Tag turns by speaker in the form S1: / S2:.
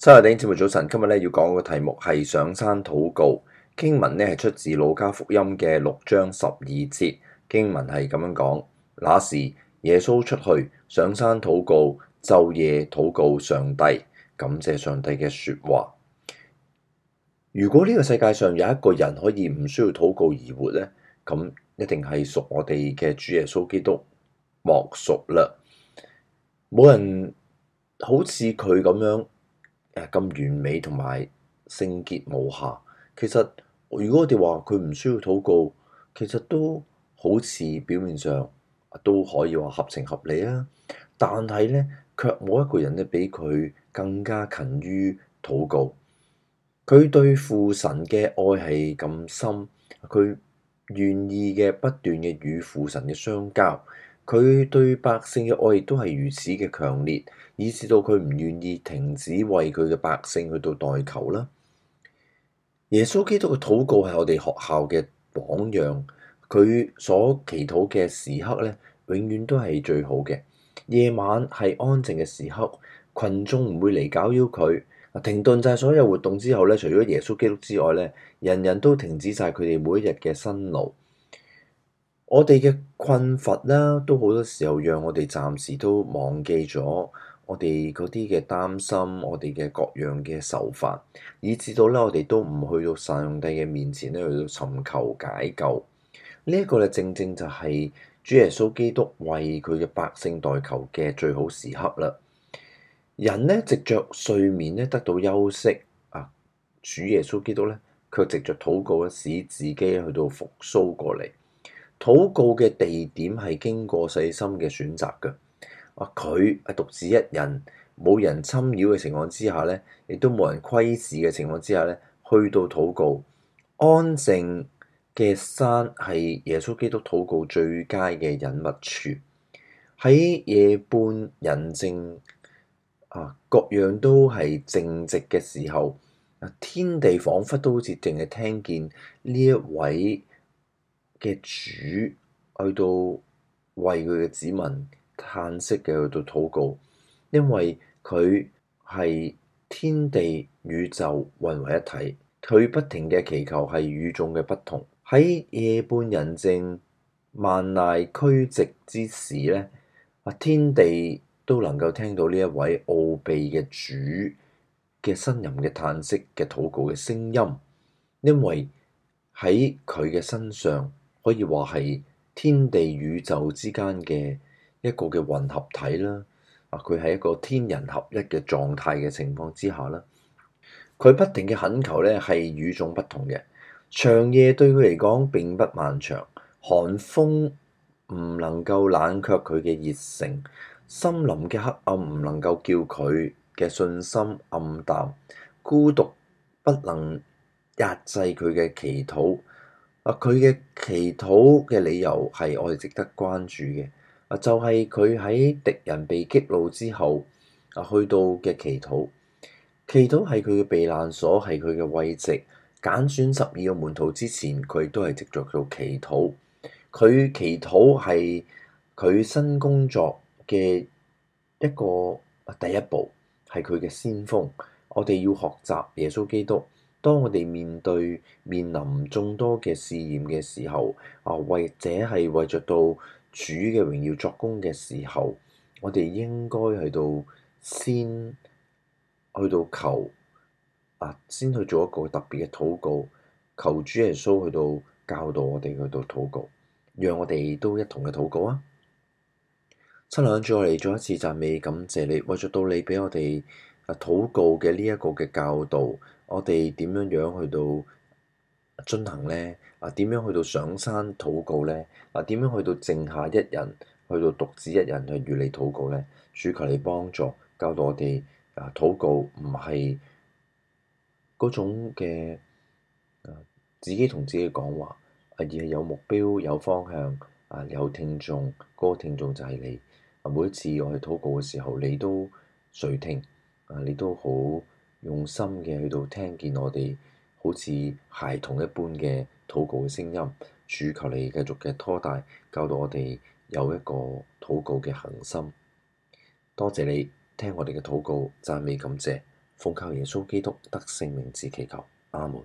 S1: 親愛的姊妹早晨，今日咧要講嘅題目係上山禱告。經文咧係出自《老家福音》嘅六章十二節。經文係咁樣講：，那時耶穌出去上山禱告，晝夜禱告上帝，感謝上帝嘅說話。如果呢個世界上有一個人可以唔需要禱告而活咧，咁一定係屬我哋嘅主耶穌基督莫屬啦。冇人好似佢咁樣。誒，咁完美同埋聖潔無瑕，其實如果我哋話佢唔需要禱告，其實都好似表面上都可以話合情合理啊。但係呢，卻冇一個人咧比佢更加勤於禱告。佢對父神嘅愛係咁深，佢願意嘅不斷嘅與父神嘅相交。佢對百姓嘅愛亦都係如此嘅強烈，以至到佢唔願意停止為佢嘅百姓去到代求啦。耶穌基督嘅禱告係我哋學習嘅榜樣，佢所祈禱嘅時刻咧，永遠都係最好嘅。夜晚係安靜嘅時刻，群眾唔會嚟攪擾佢。停頓晒所有活動之後咧，除咗耶穌基督之外咧，人人都停止晒佢哋每日嘅辛勞。我哋嘅困乏啦，都好多時候讓我哋暫時都忘記咗我哋嗰啲嘅擔心，我哋嘅各樣嘅手法，以至到咧我哋都唔去到上帝嘅面前咧去到尋求解救。呢一個咧正正就係主耶穌基督為佢嘅百姓代求嘅最好時刻啦。人咧藉着睡眠咧得到休息啊，主耶穌基督咧卻藉着禱告咧使自己去到復甦過嚟。禱告嘅地點係經過細心嘅選擇嘅，啊，佢係獨自一人，冇人侵擾嘅情況之下咧，亦都冇人窺視嘅情況之下咧，去到禱告安靜嘅山係耶穌基督禱告最佳嘅隱密處。喺夜半人靜啊，各樣都係靜寂嘅時候，啊，天地仿佛都好似淨係聽見呢一位嘅主去到為佢嘅子民嘆息嘅去到禱告，因為佢係天地宇宙混為一體，佢不停嘅祈求係與眾嘅不同。喺夜半人靜、萬籟俱寂之時咧，啊，天地都能夠聽到呢一位奧祕嘅主嘅呻吟嘅嘆息嘅禱告嘅聲音，因為喺佢嘅身上。可以話係天地宇宙之間嘅一個嘅混合體啦，啊，佢係一個天人合一嘅狀態嘅情況之下啦，佢不停嘅懇求咧係與眾不同嘅。長夜對佢嚟講並不漫長，寒風唔能夠冷卻佢嘅熱誠，森林嘅黑暗唔能夠叫佢嘅信心暗淡，孤獨不能壓制佢嘅祈禱。佢嘅祈禱嘅理由係我哋值得關注嘅。就係佢喺敵人被激怒之後啊，去到嘅祈禱，祈禱係佢嘅避難所，係佢嘅慰藉。揀選十二個門徒之前，佢都係直着做祈禱。佢祈禱係佢新工作嘅一個第一步，係佢嘅先鋒。我哋要學習耶穌基督。當我哋面對面臨眾多嘅試驗嘅時候，啊，或者係為著到主嘅榮耀作工嘅時候，我哋應該係到先去到求啊，先去做一個特別嘅禱告，求主耶穌去到教導我哋去到禱告，讓我哋都一同嘅禱告啊！七兩再嚟再一次讚美，感謝你為著到你畀我哋。啊！禱告嘅呢一個嘅教導，我哋點樣樣去到進行咧？啊，點樣去到上山禱告咧？啊，點樣去到剩下一人去到獨自一人去與你禱告咧？主求你幫助，教導我哋啊！禱告唔係嗰種嘅自己同自己講話，而係有目標、有方向啊，有聽眾，嗰個聽眾就係你啊。每一次我去禱告嘅時候，你都垂聽。你都好用心嘅去到聽見我哋好似孩童一般嘅禱告嘅聲音，主求你繼續嘅拖帶，教導我哋有一個禱告嘅恒心。多謝你聽我哋嘅禱告，贊美感謝，奉靠耶穌基督得勝名字祈求，阿門。